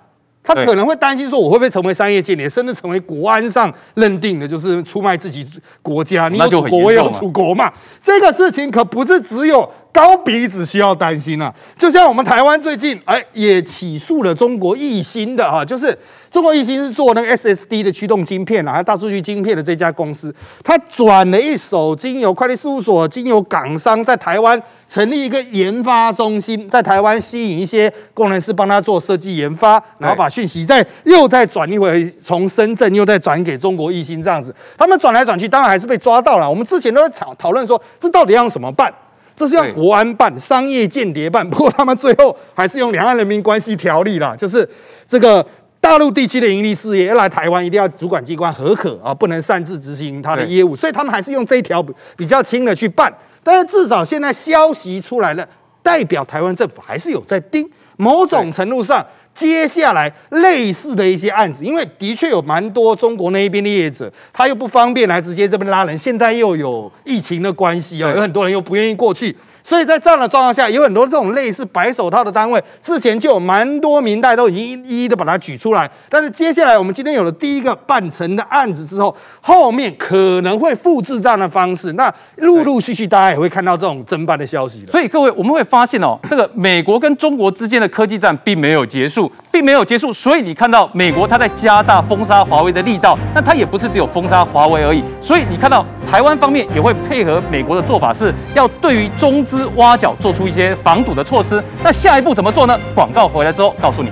他可能會擔心說我會不會成為商業間諜，也甚至成為國安上認定的就是出賣自己國家。嗯、你有國那就一有祖國，有祖國嘛。這個事情可不是只有。高鼻子需要擔心啊，就像我們台灣最近，哎，也起訴了中國憶芯的啊，就是中國憶芯是做那個 SSD 的驅動晶片啊，還大數據晶片的這家公司，他轉了一手經由會計事務所，經由港商在台灣成立一個研發中心，在台灣吸引一些工程師幫他做設計研發，然後把訊息再又再轉一回從深圳，又再轉給中國憶芯這樣子，他們轉來轉去，當然還是被抓到了。我們之前都在討討論說，這到底要怎麼辦？這是要國安辦、對商業間諜辦，不過他們最後還是用兩岸人民關係條例啦，就是這個大陸地區的營利事業要來台灣，一定要主管機關核可啊，不能擅自執行他的業務，對所以他們還是用這一條比較輕的去辦。但是至少現在消息出來了，代表台灣政府還是有在盯，某種程度上。接下來類似的一些案子，因為的確有蠻多中國那一邊的業者，他又不方便來直接這邊拉人，現在又有疫情的關係啊，有很多人又不願意過去。所以在這樣的狀況下，有很多這種類似白手套的單位，之前就有蠻多名單都已經一一的把它舉出來。但是接下來我們今天有了第一個辦成的案子之後，後面可能會複製這樣的方式。那陸陸續續大家也會看到這種偵辦的消息了。所以各位我們會發現哦、喔，這個美國跟中國之間的科技戰並沒有結束，並沒有結束。所以你看到美國它在加大封殺華為的力道，那它也不是只有封殺華為而已。所以你看到台灣方面也會配合美國的做法，是要對於中資。挖角，做出一些防堵的措施。那下一步怎麼做呢？廣告回來之後告訴你。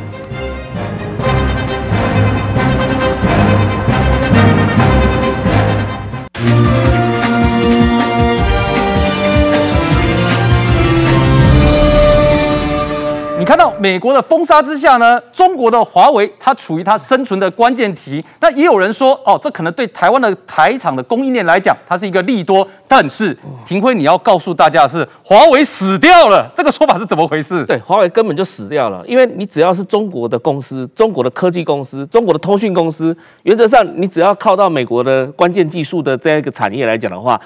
看到美國的封殺之下呢，中國的華為它處於它生存的關鍵期。那也有人說哦，這可能對台灣的台廠的供應鏈來講，它是一個利多。但是，廷輝、哦、你要告訴大家的是，華為死掉了，這個說法是怎麼回事？對，華為根本就死掉了。因為你只要是中國的公司、中國的科技公司、中國的通訊公司，原則上你只要靠到美國的關鍵技術的這樣一個產業來講的話，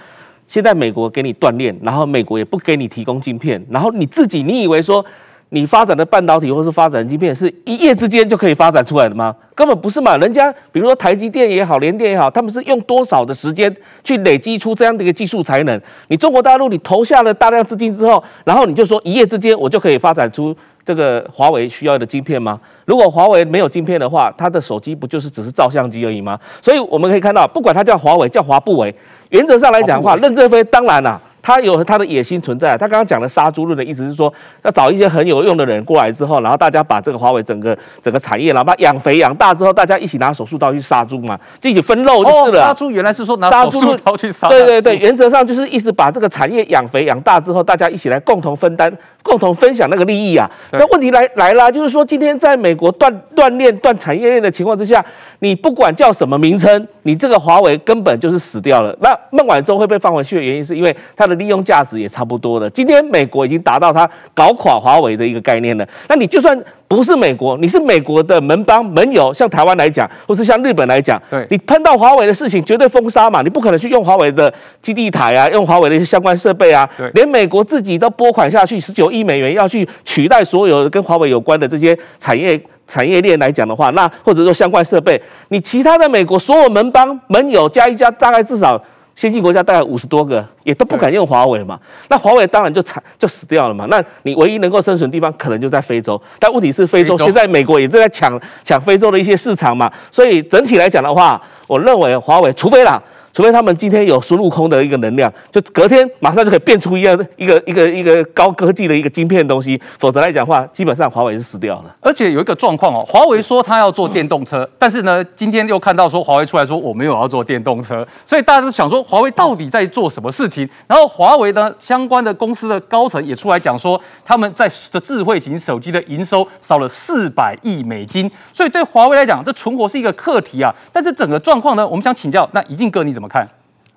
現在美國給你斷鏈，然後美國也不給你提供晶片，然後你自己你以為說。你發展的半導體或是發展芯片，是一夜之間就可以發展出來的嗎？根本不是嘛！人家比如說台積電也好，聯電也好，他們是用多少的時間去累積出這樣的一個技術才能。你中國大陸你投下了大量資金之後，然後你就說一夜之間我就可以發展出這個華為需要的芯片嗎？如果華為沒有芯片的話，它的手機不就是只是照相機而已嗎？所以我們可以看到，不管它叫華為，叫華不為，不原則上來講的話，任正非當然啦、啊。他有他的野心存在。他剛剛講的“殺豬論”的意思是說，要找一些很有用的人過來之後，然後大家把這個華為整個整個產業，然後把養肥養大之後，大家一起拿手術刀去殺豬嘛，一起分肉就是了，哦。殺豬原來是說拿手術刀去殺豬。對對對，原則上就是意思把這個產業養肥養大之後，大家一起來共同分擔、共同分享那個利益啊。對那問題來來啦，就是說今天在美國斷斷鏈、斷產業鏈的情況之下，你不管叫什麼名稱，你這個華為根本就是死掉了。那孟晚舟會被放回去的原因，是因為他的。利用價值也差不多了。今天美國已經達到它搞垮華為的一個概念了。那你就算不是美國，你是美國的盟邦盟友，像台灣來講，或是像日本來講，對你碰到華為的事情，絕對封殺嘛。你不可能去用華為的基地台啊，用華為的一些相關設備啊。對連美國自己都撥款下去十九億美元，要去取代所有跟華為有關的這些產業產業鏈來講的話，那或者說相關設備，你其他的美國所有盟邦盟友加一加，大概至少。先進國家大概五十多個，也都不敢用華為嘛。那華為當然就慘，就死掉了嘛。那你唯一能夠生存的地方，可能就在非洲。但問題是，非洲現在美國也正在搶搶非洲的一些市場嘛。所以整體來講的話，我認為華為，除非啦。除非他們今天有孫悟空的一個能量，就隔天馬上就可以變出一樣一個一個一個，一個高科技的一個晶片東西，否則來講的話，基本上華為是死掉了。而且有一個狀況哦，華為說他要做電動車，但是呢，今天又看到說華為出來說我沒有要做電動車，所以大家都想說華為到底在做什麼事情？然後華為呢，相關的公司的高層也出來講說，他們在的智慧型手機的營收少了四百億美金，所以對華為來講，這存活是一個課題啊。但是整個狀況呢，我們想請教那宜敬哥你怎麼？怎麼看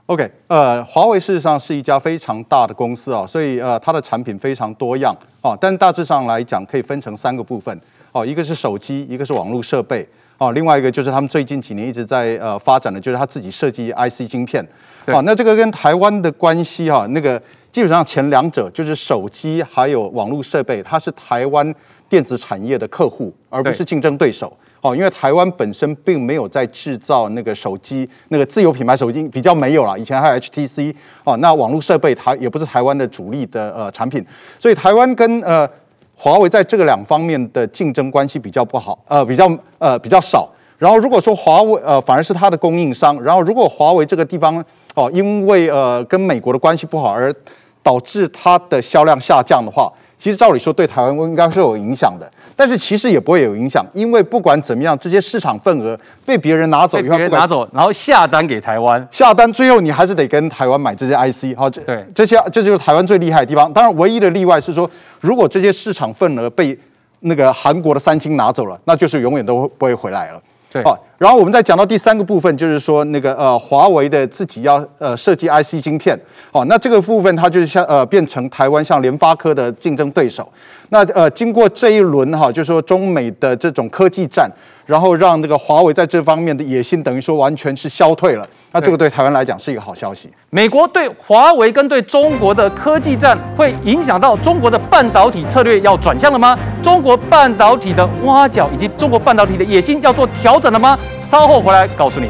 ？OK，呃，華為事實上是一家非常大的公司啊，哦，所以呃，它的產品非常多樣啊，哦，但大致上來講可以分成三個部分哦，一個是手機，一個是網絡設備哦，另外一個就是他們最近幾年一直在呃發展的，就是他自己設計 IC 晶片啊對、哦。那這個跟台灣的關係哈、哦，那個基本上前兩者就是手機還有網絡設備，它是台灣電子產業的客戶，而不是競爭對手。對哦，因為台灣本身並沒有在製造那個手機，那個自有品牌手機比較沒有了。以前還有 HTC 哦，那網絡設備它也不是台灣的主力的呃產品，所以台灣跟呃華為在這個兩方面的競爭關係比較不好，呃比較呃比較少。然後如果說華為呃反而是它的供應商，然後如果華為這個地方哦，呃，因為呃跟美國的關係不好而導致它的銷量下降的話，其實照理說對台灣應該是有影響的，但是其實也不會有影響，因為不管怎麼樣，這些市場份額被別人拿走以後，別人拿走，管然後下單給台灣，下單最後你還是得跟台灣買這些 IC、哦。好，對，這些這就是台灣最厲害的地方。當然，唯一的例外是說，如果這些市場份額被那個韓國的三星拿走了，那就是永遠都不會回來了。好對、哦，然後我們再講到第三個部分，就是說那個呃，華為的自己要呃設計 IC 芯片。好、哦，那這個部分它就是像呃變成台灣像聯發科的競爭對手。那呃經過這一輪哈、哦，就是說中美的這種科技戰。然後讓這個華為在這方面的野心等於說完全是消退了，那這個對台灣來講是一個好消息。美國對華為跟對中國的科技戰，會影響到中國的半導體策略要轉向了嗎？中國半導體的挖角以及中國半導體的野心要做調整了嗎？稍後回來告訴你。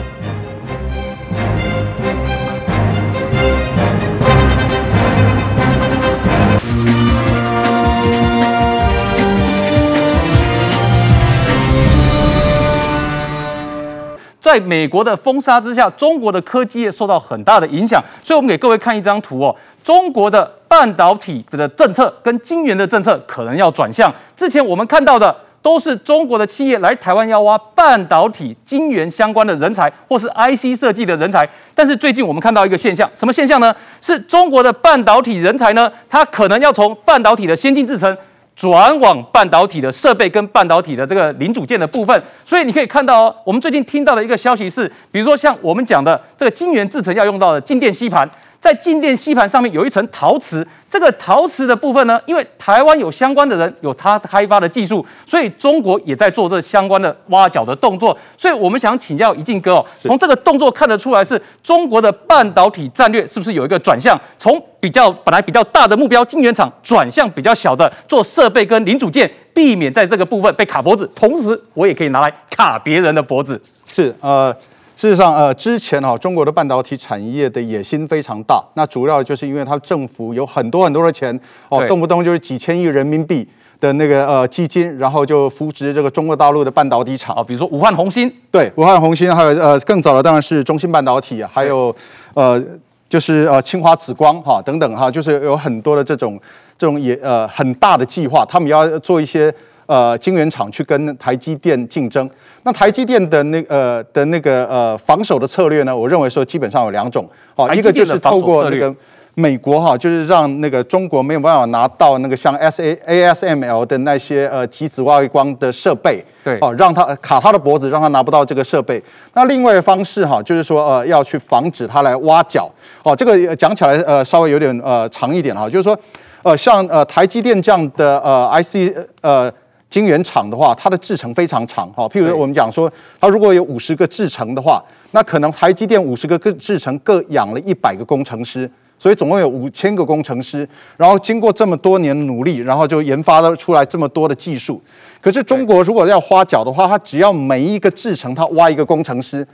在美國的封殺之下，中國的科技業受到很大的影響，所以我們給各位看一張圖哦。中國的半導體的政策跟晶圓的政策可能要轉向。之前我們看到的都是中國的企業來台灣要挖半導體晶圓相關的人才，或是 IC 設計的人才。但是最近我們看到一個現象，什麼現象呢？是中國的半導體人才呢，它可能要從半導體的先進製程。轉往半導體的設備跟半導體的這個零組件的部分，所以你可以看到我們最近聽到的一個消息是，比如說像我們講的這個晶圓製程要用到的靜電吸盤。在靜電吸盤上面有一層陶瓷，這個陶瓷的部分呢，因為台灣有相關的人有他開發的技術，所以中國也在做這相關的挖角的動作。所以，我們想請教宜敬哥哦，從是這個動作看得出來是，是中國的半導體戰略是不是有一個轉向？從比較本來比較大的目標晶圓廠轉向比較小的做設備跟零組件，避免在這個部分被卡脖子，同時我也可以拿來卡別人的脖子。是呃。事實上，呃，之前哈、哦、中國的半導體產業的野心非常大，那主要就是因為它政府有很多很多的錢，哦，對動不動就是幾千億人民幣的那個呃基金，然後就扶植這個中國大陸的半導體廠啊，比如說武漢紅芯，對，武漢紅芯，還有呃更早的當然是中芯半導體，還有對呃就是呃清華紫光哈、哦、等等哈，就是有很多的這種這種也呃很大的計劃，他們要做一些。呃，晶圓廠去跟台積電競爭，那台積電的那個、呃的那個呃防守的策略呢？我認為說基本上有兩種，哦，一個就是透過那個美國哈，就是讓那個中國沒有辦法拿到那個像 A S M L 的那些呃極紫外光的設備，對，哦，讓他卡他的脖子，讓他拿不到這個設備。那另外的方式哈，就是說呃要去防止他來挖角，哦，這個講起來呃稍微有點呃長一點哈，就是說呃像呃台積電這樣的呃 I C 呃。IC，呃晶圓廠的話，它的制程非常長哈。譬如說，我們講說，它如果有五十個制程的話，那可能台積電五十個各制程各養了一百個工程師，所以總共有五千個工程師。然後經過這麼多年的努力，然後就研發了出來這麼多的技術。可是中國如果要挖角的話，它只要每一個製程，它挖一個工程師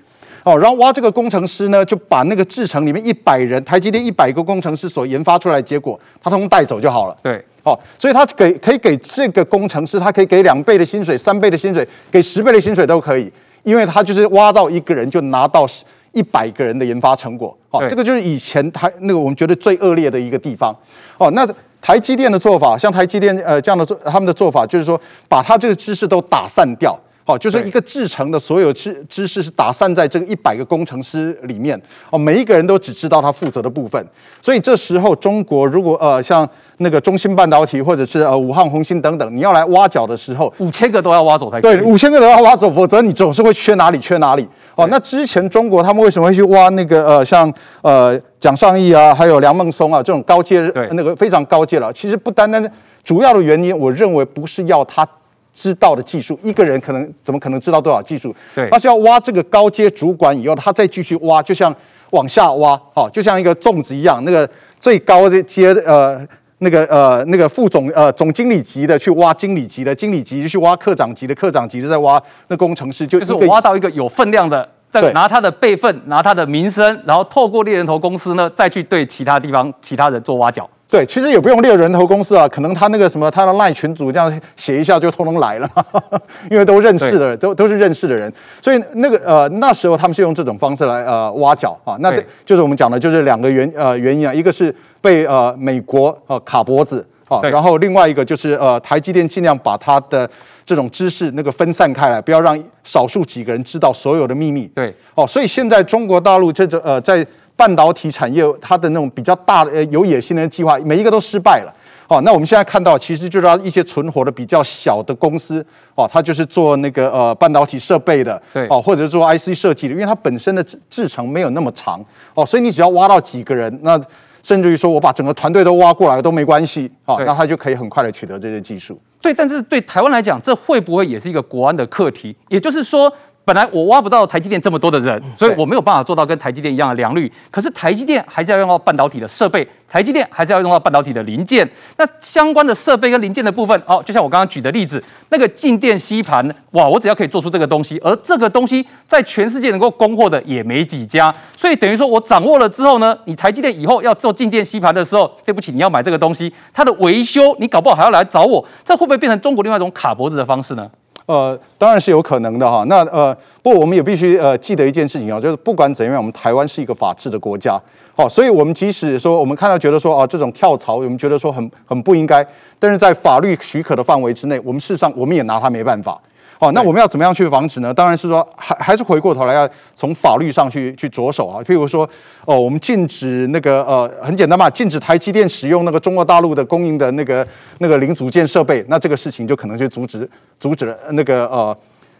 哦，然後挖這個工程師呢，就把那個製程裡面一百人，台積電一百個工程師所研發出來的結果，它通通帶走就好了。對。哦，所以他給可以給這個工程師，他可以給兩倍的薪水、三倍的薪水，給十倍的薪水都可以，因為他就是挖到一個人就拿到一百個人的研發成果。哦對，這個就是以前他那個我們覺得最惡劣的一個地方。哦，那台積電的做法，像台積電呃這樣的做，他們的做法就是說，把他這個知識都打散掉。好，就是一個製程的所有知知識是打散在這個一百個工程師裡面哦，每一個人都只知道他負責的部分。所以這時候中國如果呃像那個中芯半導體或者是呃武漢弘芯等等，你要來挖角的時候，五千個都要挖走才可以對，五千個都要挖走，否則你總是會缺哪裡缺哪裡哦。對 那之前中國他們為什麼會去挖那個呃像呃蔣尚義啊，還有梁孟松啊這種高階那個非常高階了？其實不單單主要的原因，我認為不是要他。知道的技術，一個人可能怎麼可能知道多少技術？對，他是要挖這個高階主管以後，他再繼續挖，就像往下挖，好，就像一個種子一樣，那個最高的階呃，那個呃那個副總呃總經理級的去挖經理級的，經理級就去挖科長級的，科長級的在挖那工程師，就是挖到一個有分量的，再拿他的輩分，拿他的名聲，然後透過獵人頭公司呢，再去對其他地方其他人做挖角。對，其實也不用獵人頭公司啊，可能他那個什麼，他的賴群組這樣寫一下就通通來了呵呵，因為都認識的人，對都都是認識的人，所以那個呃那時候他們是用這種方式來呃挖角啊，那就是我們講的就是兩個原呃原因啊，一個是被呃美國呃卡脖子啊，對然後另外一個就是呃台積電儘量把它的這種知識那個分散開來，不要讓少數幾個人知道所有的秘密，對，哦，所以現在中國大陸這種呃在。半導體產業，它的那種比較大的、呃有野心的計劃，每一個都失敗了。哦，那我們現在看到，其實就是一些存活的比較小的公司，哦，它就是做那個呃半導體設備的，對，哦，或者是做 IC 設計的，因為它本身的制制程沒有那麼長，哦，所以你只要挖到幾個人，那甚至於說我把整個團隊都挖過來都沒關係，對哦，那它就可以很快的取得這些技術。對，但是對台灣來講，這會不會也是一個國安的課題？也就是說。本來我挖不到台積電這麼多的人，所以我沒有辦法做到跟台積電一樣的良率。可是台積電還是要用到半導體的設備，台積電還是要用到半導體的零件。那相關的設備跟零件的部分，哦，就像我剛剛舉的例子，那個靜電吸盤，哇，我只要可以做出這個東西，而這個東西在全世界能夠供貨的也沒幾家。所以等於說我掌握了之後呢，你台積電以後要做靜電吸盤的時候，對不起，你要買這個東西，它的維修你搞不好還要來找我，這會不會變成中國另外一種卡脖子的方式呢？呃，當然是有可能的哈。那呃，不過我們也必須呃記得一件事情啊，就是不管怎樣，我們台灣是一個法治的國家。好，哦，所以，我們即使說我們看到覺得說啊，這種跳槽，我們覺得說很很不應該，但是在法律許可的範圍之內，我們事實上我們也拿他沒辦法。哦，那我們要怎麼樣去防止呢？當然是說還，還還是回過頭來要從法律上去去着手啊。譬如說，哦，我們禁止那個呃，很簡單嘛，禁止台積電使用那個中國大陸的供應的那個那個零組件設備。那這個事情就可能就阻止阻止了那個呃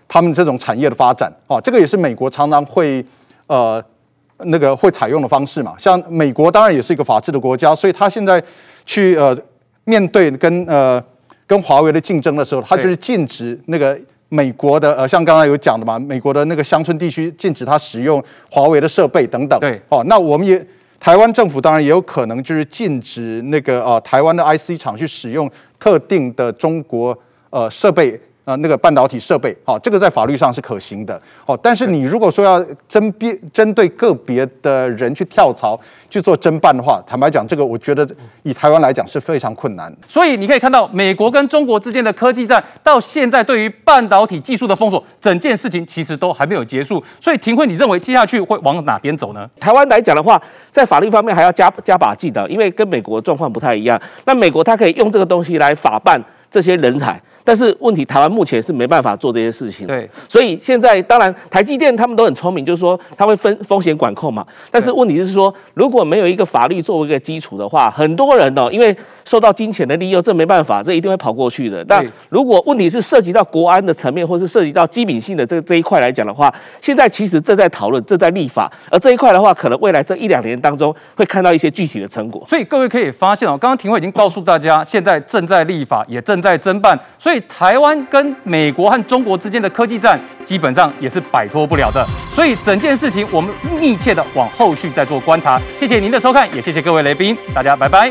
他們這種產業的發展。哦，這個也是美國常常會呃那個會採用的方式嘛。像美國當然也是一個法治的國家，所以他現在去呃面對跟呃跟華為的競爭的時候，他就是禁止那個。美國的呃，像剛才有講的嘛，美國的那個鄉村地區禁止他使用華為的設備等等。對，哦，那我們也台灣政府當然也有可能就是禁止那個呃，台灣的 IC 廠去使用特定的中國呃設備。呃，那個半導體設備，好、哦，這個在法律上是可行的，好、哦，但是你如果說要針別針對個別的人去跳槽去做偵辦的話，坦白講，這個我覺得以台灣來講是非常困難。所以你可以看到，美國跟中國之間的科技戰到現在對於半導體技術的封鎖，整件事情其實都還沒有結束。所以廷輝，你認為接下去會往哪邊走呢？台灣來講的話，在法律方面還要加加把勁的，因為跟美國狀況不太一樣。那美國他可以用這個東西來法辦這些人才。但是問題，台灣目前是沒辦法做這些事情。對，所以現在當然台積電他們都很聰明，就是說他會分風險管控嘛。但是問題是說，對如果沒有一個法律作為一個基礎的話，很多人哦，因為受到金錢的利誘，這沒辦法，這一定會跑過去的。對但如果問題是涉及到國安的層面，或是涉及到機敏性的這這一塊來講的話，現在其實正在討論，正在立法。而這一塊的話，可能未來這一兩年當中會看到一些具體的成果。所以各位可以發現哦，剛剛廷輝已經告訴大家，現在正在立法，也正在偵辦。所以對，台灣跟美國和中國之間的科技戰，基本上也是擺脫不了的。所以整件事情，我們密切的往後續再做觀察。謝謝您的收看，也謝謝各位來賓，大家拜拜。